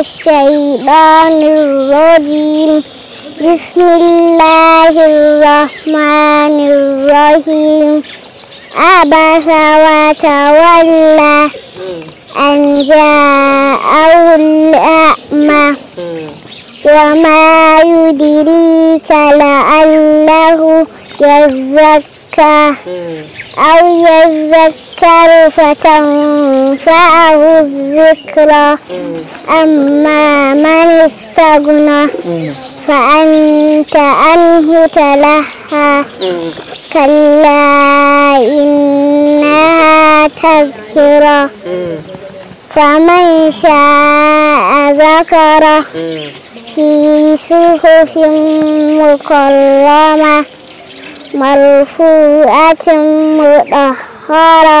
الشيطان الرجيم بسم الله الرحمن الرحيم عبس وتولى أن جاءه الأعمى وما يدريك لعله يزكى أو يذكر فتنفع الذكرى أما من استغنى فأنت أنه تلهى كلا إنها تذكرة فمن شاء ذكره في صحف مكرمة مرفوعة مطهرة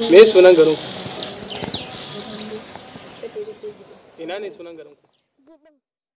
मैं सुना करूँ इना नहीं सुना करूँ